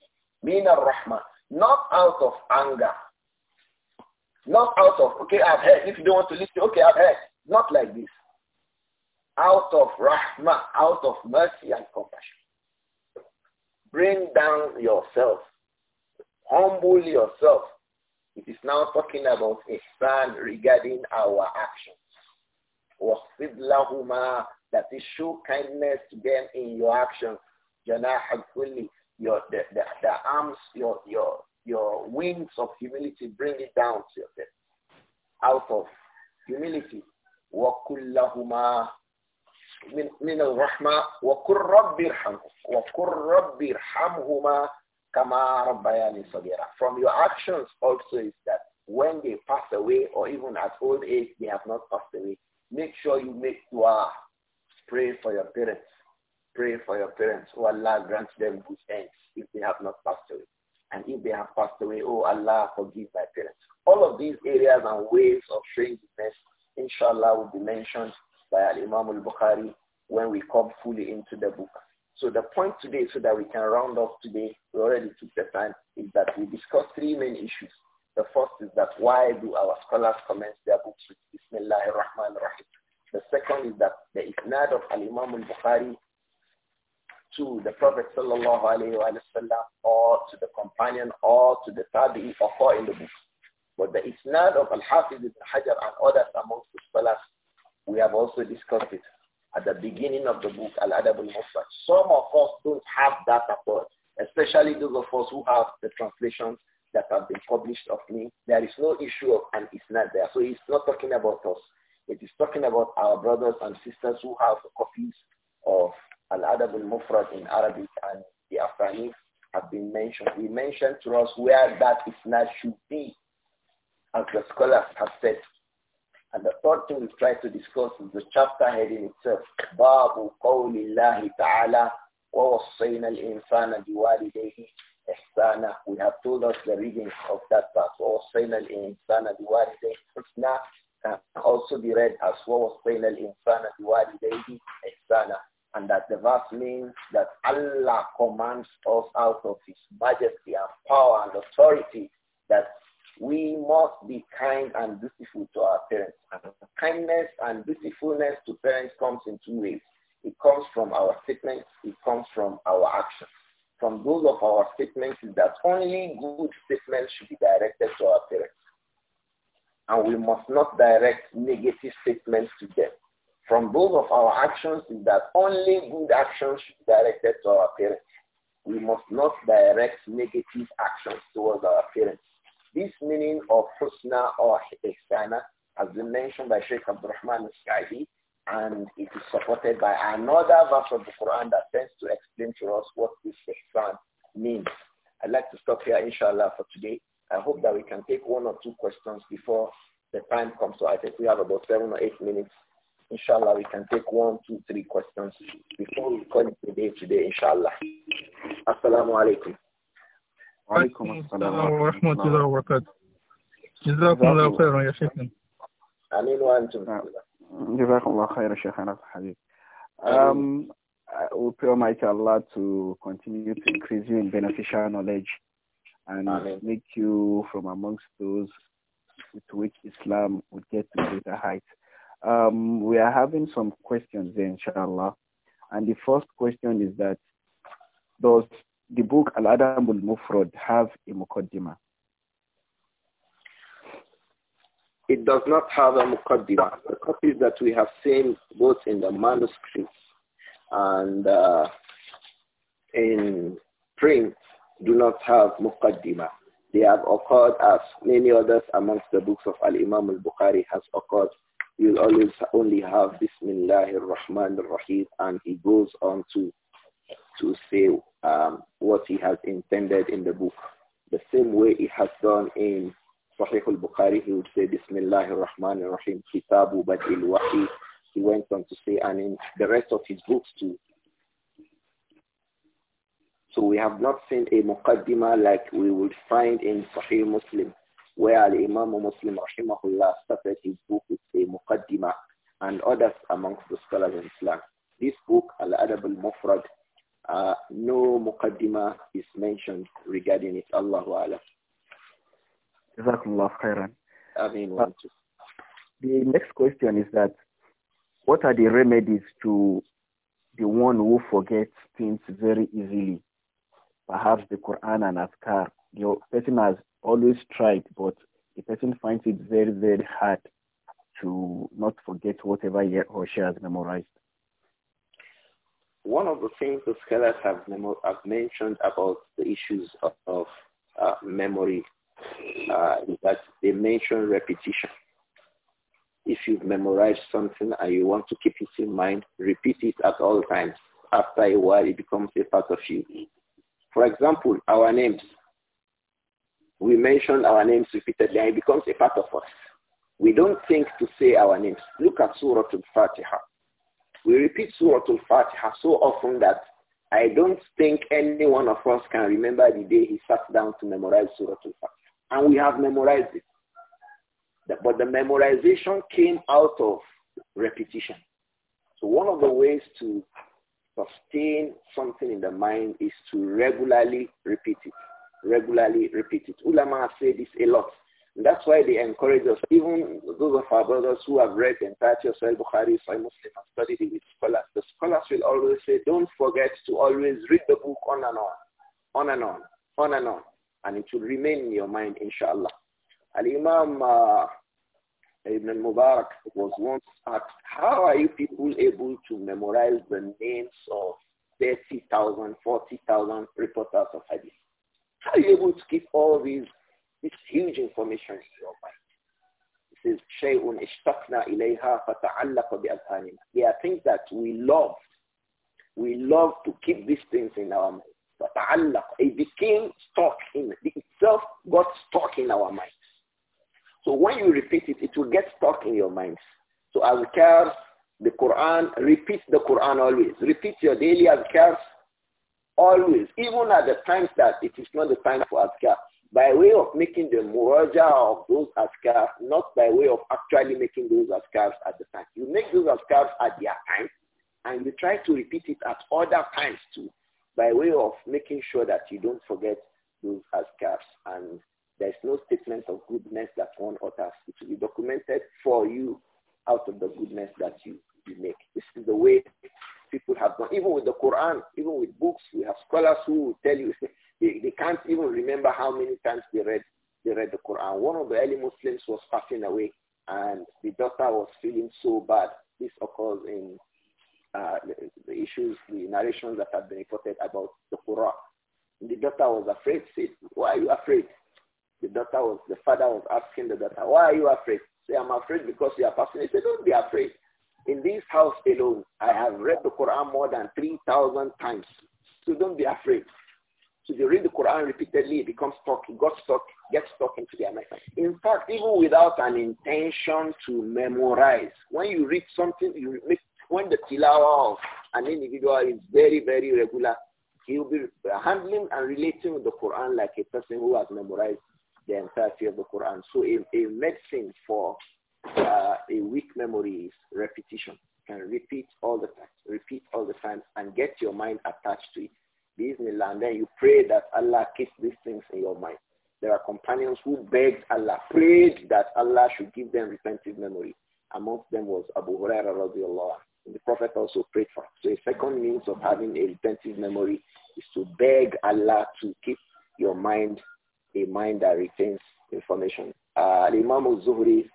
[SPEAKER 1] مِنَ الرَّحْمَةِ Not out of anger. Not out of, okay, I've heard. If you don't want to listen, okay, I've heard. Not like this out of rahmah, out of mercy and compassion. Bring down yourself. Humble yourself. It is now talking about plan regarding our actions. وَخْفِضْ لَهُمَا That is show kindness to them in your actions. جَنَاحَ الْكُلِّ Your, the, the, the arms, your, your, your wings of humility, bring it down to yourself. Out of humility. وَكُلَّهُمَا من الرحمة رب رب كما ربياني صغيرا From your actions also is that when they pass away or even at old age they have not passed away, make sure you make dua. Pray for your parents. Pray for your parents. Oh Allah grant them good ends if they have not passed away. And if they have passed away, oh Allah forgive my parents. All of these areas and ways of showing goodness, inshallah, will be mentioned by Imam al-Bukhari when we come fully into the book. So the point today, so that we can round off today, we already took the time, is that we discuss three main issues. The first is that why do our scholars commence their books with Bismillah ar-Rahman rahim The second is that the isnad of imam al-Bukhari to the Prophet sallallahu alayhi wa sallam or to the companion or to the tabi'i occur in the book. But the isnad of Al-Hafiz ibn Hajar and others amongst the scholars we have also discussed it at the beginning of the book, al Adabul mufrad Some of us don't have that approach, especially those of us who have the translations that have been published of me. There is no issue of and it's not there. So it's not talking about us. It is talking about our brothers and sisters who have copies of al Adabul mufrad in Arabic and the Afghani have been mentioned. We mentioned to us where that not should be, as the scholars have said. And the third thing we've tried to discuss is the chapter heading itself. Babu قول الله تعالى ووصينا insana بوالديه إحسانا. We have told us the reading of that part. ووصينا insana بوالديه حسنا can also be read as ووصينا insana بوالديه إحسانا. And that the verse means that Allah commands us out of his majesty and power and authority that we must be kind and dutiful to our parents. And kindness and dutifulness to parents comes in two ways. It comes from our statements. It comes from our actions. From those of our statements is that only good statements should be directed to our parents. And we must not direct negative statements to them. From both of our actions is that only good actions should be directed to our parents. We must not direct negative actions towards our parents. This meaning of husna or ihsana has been mentioned by Sheikh Rahman al-Sa'idi and it is supported by another verse of the Quran that tends to explain to us what this ihsan means. I'd like to stop here, inshallah, for today. I hope that we can take one or two questions before the time comes. So I think we have about seven or eight minutes. Inshallah, we can take one, two, three questions before we call it today, today, inshallah.
[SPEAKER 2] Assalamu alaikum. وعليكم السلام ورحمة الله وبركاته جزاكم الله خيرا يا شيخنا آمين وأنتم جزاكم الله خير شيخنا الحبيب um, we pray Almighty Allah to continue to increase you in beneficial knowledge and Amen. make you from amongst those with which Islam would get to greater heights. Um, we are having some questions inshallah. And the first question is that does the book Al-Adam al-Mufrad have a mukaddima?
[SPEAKER 1] It does not have a mukaddima. The copies that we have seen both in the manuscripts and uh, in print do not have mukaddima. They have occurred as many others amongst the books of Al-Imam al-Bukhari has occurred. You'll always only have Bismillahir al Rahim and he goes on to to say what he has intended in the book. The same way he has done in Sahih al-Bukhari, he would say, r-Rahman Rahmanir Rahim, Kitabu Badil Wahi. He went on to say, and in the rest of his books too. So we have not seen a muqaddimah like we would find in Sahih Muslim, where Imam Muslim rahimahullah started his book with a muqaddimah and others amongst the scholars in Islam. This book, Al-Adab al-Mufrad, uh, no muqaddimah is mentioned regarding it. Allahu Alam.
[SPEAKER 2] Jazakallah khairan. I mean, uh, the next question is that what are the remedies to the one who forgets things very easily? Perhaps the Quran and Azkar. The person has always tried, but the person finds it very, very hard to not forget whatever he or she has memorized.
[SPEAKER 1] One of the things the scholars have, have mentioned about the issues of, of uh, memory uh, is that they mention repetition. If you've memorized something and you want to keep it in mind, repeat it at all times. After a while, it becomes a part of you. For example, our names. We mention our names repeatedly and it becomes a part of us. We don't think to say our names. Look at Surah Al-Fatiha. We repeat Surah Al-Fatiha so often that I don't think any one of us can remember the day he sat down to memorize Surah Al-Fatiha. And we have memorized it. But the memorization came out of repetition. So one of the ways to sustain something in the mind is to regularly repeat it. Regularly repeat it. Ulama say this a lot. And that's why they encourage us, even those of our brothers who have read the entirety of Bukhari, Sahih Muslim, and studied it with scholars. The scholars will always say, don't forget to always read the book on and on, on and on, on and on. And it will remain in your mind, inshallah. Al-Imam uh, Ibn Mubarak was once asked, how are you people able to memorize the names of 30,000, 40,000 reporters of hadith? How are you able to keep all these this huge information in your mind. This is shay'un ishtaqna ilayha fata'allaqa bi'adhanina. There are things that we love. We love to keep these things in our mind. Fata'allaq. It became stuck in, it itself got stuck in our minds. So when you repeat it, it will get stuck in your minds. So azkar, the Quran, repeat the Quran always. Repeat your daily azkars always, even at the times that it is not the time for azkar by way of making the muraja of those askars, not by way of actually making those askars at the time. You make those askars at their time, and you try to repeat it at other times too, by way of making sure that you don't forget those askars. And there's no statement of goodness that one utters. It will be documented for you out of the goodness that you, you make. This is the way people have done. Even with the Quran, even with books, we have scholars who will tell you, They, they can't even remember how many times they read they read the Quran. One of the early Muslims was passing away, and the daughter was feeling so bad. This occurs in uh, the, the, issues, the narrations that have been reported about the Quran. The daughter was afraid. Said, "Why are you afraid?" The daughter was, the father was asking the daughter, "Why are you afraid?" Say, "I'm afraid because you are passing." He said, "Don't be afraid. In this house alone, I have read the Quran more than three thousand times. So don't be afraid." So you read the Quran repeatedly, it becomes stuck, it got stuck, gets stuck into their mind. In fact, even without an intention to memorize, when you read something, you make, when the tilawa of an individual is very, very regular, he will be handling and relating with the Quran like a person who has memorized the entirety of the Quran. So a, a medicine for uh, a weak memory is repetition. You can repeat all the time, repeat all the time, and get your mind attached to it Bismillah, and then you pray that Allah keeps these things in your mind. There are companions who begged Allah, prayed that Allah should give them repentive memory. Amongst them was Abu Huraira radiallahu and The Prophet also prayed for. So a second means of having a repentive memory is to beg Allah to keep your mind a mind that retains information. Uh, Imam al-Zuhri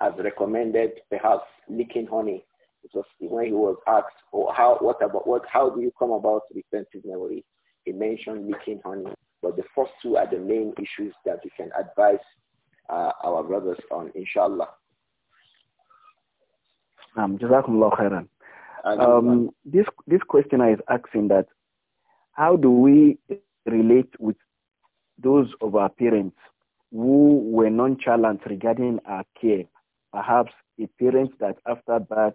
[SPEAKER 1] has recommended perhaps licking honey it was when he was asked, oh, how, what about, what, how do you come about retentive memory? He mentioned licking honey. But the first two are the main issues that we can advise uh, our brothers on, inshallah.
[SPEAKER 2] Um, Jazakumullah khairan.
[SPEAKER 1] Um,
[SPEAKER 2] this, this questioner is asking that how do we relate with those of our parents who were nonchalant regarding our care? Perhaps a parent that after birth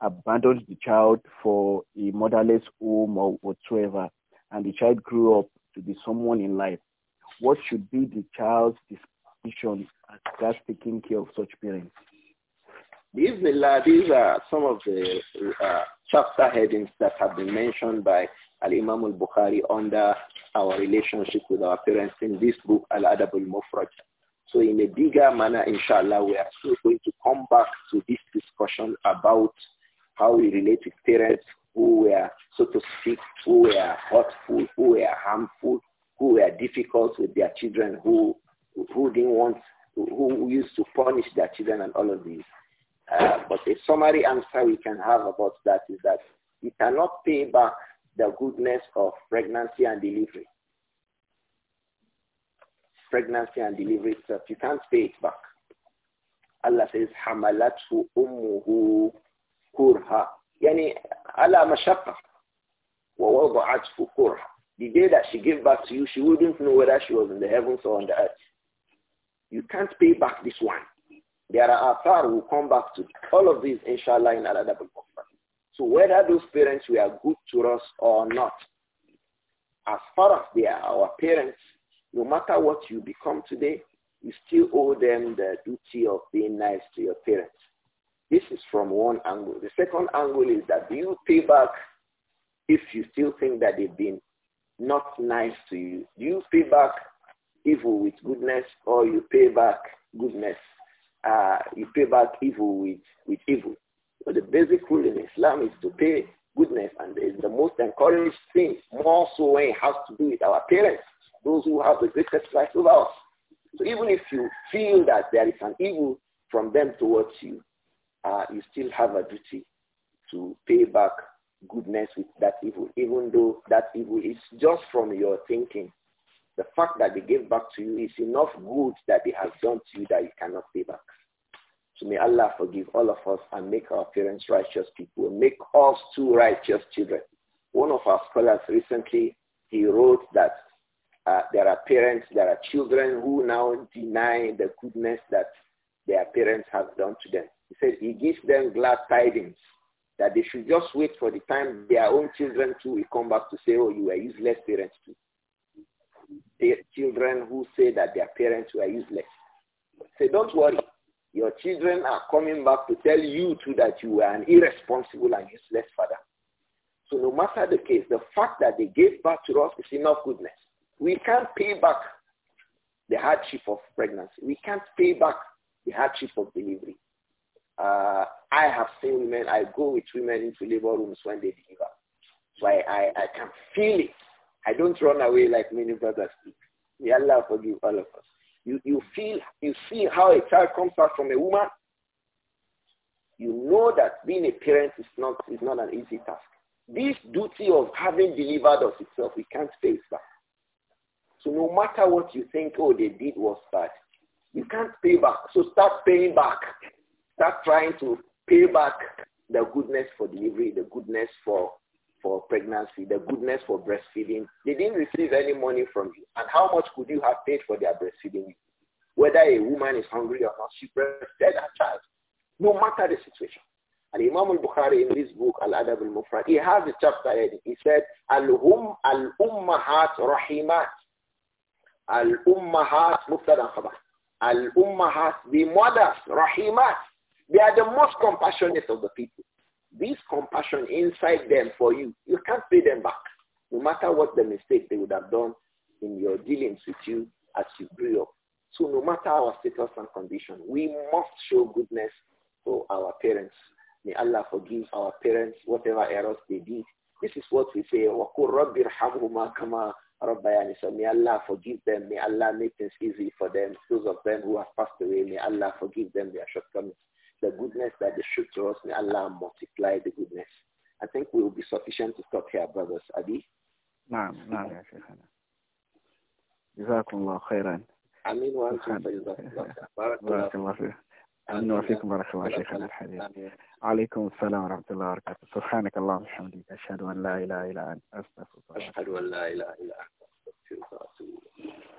[SPEAKER 2] abandoned the child for a motherless home or whatsoever, and the child grew up to be someone in life, what should be the child's disposition as regards taking care of such parents?
[SPEAKER 1] these are some of the uh, chapter headings that have been mentioned by Al-Imam al-Bukhari under our relationship with our parents in this book, Al-Adab al-Mufraj. So in a bigger manner, inshallah, we are still going to come back to this discussion about how we relate with parents who were, so to speak, who were hurtful, who were harmful, who were difficult with their children, who, who didn't want, who used to punish their children and all of these. Uh, but a summary answer we can have about that is that you cannot pay back the goodness of pregnancy and delivery. Pregnancy and delivery itself, you can't pay it back. Allah says, كرها يعني على مشقة ووضعته كرها The day that she gave birth to you, she wouldn't know whether she was in the heavens or on the earth. You can't pay back this one. There are athar will come back to all of these, inshallah, in aladabul book. So whether those parents were good to us or not, as far as they are our parents, no matter what you become today, you still owe them the duty of being nice to your parents. This is from one angle. The second angle is that you pay back if you still think that they've been not nice to you? Do you pay back evil with goodness or you pay back goodness? Uh, you pay back evil with, with evil. So the basic rule in Islam is to pay goodness and it's the most encouraged thing, more so when it has to do with our parents, those who have the greatest rights over us. So even if you feel that there is an evil from them towards you, uh, you still have a duty to pay back goodness with that evil, even though that evil is just from your thinking. The fact that they gave back to you is enough good that they have done to you that you cannot pay back. So may Allah forgive all of us and make our parents righteous people. Make us two righteous children. One of our scholars recently, he wrote that uh, there are parents, there are children who now deny the goodness that their parents have done to them. He said he gives them glad tidings that they should just wait for the time their own children too will come back to say, oh, you were useless parents too. The children who say that their parents were useless. Say, don't worry. Your children are coming back to tell you too that you were an irresponsible and useless father. So no matter the case, the fact that they gave birth to us is enough goodness. We can't pay back the hardship of pregnancy. We can't pay back the hardship of delivery uh, I have seen women, I go with women into labor rooms when they deliver. So I, I, I can feel it. I don't run away like many brothers do. May Allah forgive all of us. You, you feel, you see how a child comes out from a woman. You know that being a parent is not, is not an easy task. This duty of having delivered us itself, we can't face back. So no matter what you think, oh, they did was bad, you can't pay back. So start paying back. Start trying to pay back the goodness for delivery, the goodness for for pregnancy, the goodness for breastfeeding. They didn't receive any money from you. And how much could you have paid for their breastfeeding? Whether a woman is hungry or not, she breastfed her child, no matter the situation. And Imam al-Bukhari in this book, Al-Adab al-Mufrad, he has a chapter heading. He said, Al-Hum al-Ummahat Rahimat. Al-Ummahat Mufrad and Khabar. Al-Ummahat, the mothers, Rahimat. They are the most compassionate of the people. This compassion inside them for you, you can't pay them back. No matter what the mistake they would have done in your dealings with you as you grew up. So no matter our status and condition, we must show goodness to our parents. May Allah forgive our parents whatever errors they did. This is what we say, so may Allah forgive them. May Allah make things easy for them. Those of them who have passed away, may Allah forgive them their shortcomings the goodness that the showed to us. Allah multiply the goodness. I think we will be sufficient to stop here, brothers. Adi?
[SPEAKER 2] Naam, naam, ya khairan. Amin wa alaykum. أمين وفيكم بارك الله شيخ الحديث عليكم السلام ورحمة الله وبركاته سبحانك اللهم وبحمدك أشهد أن لا إله إلا أنت أستغفرك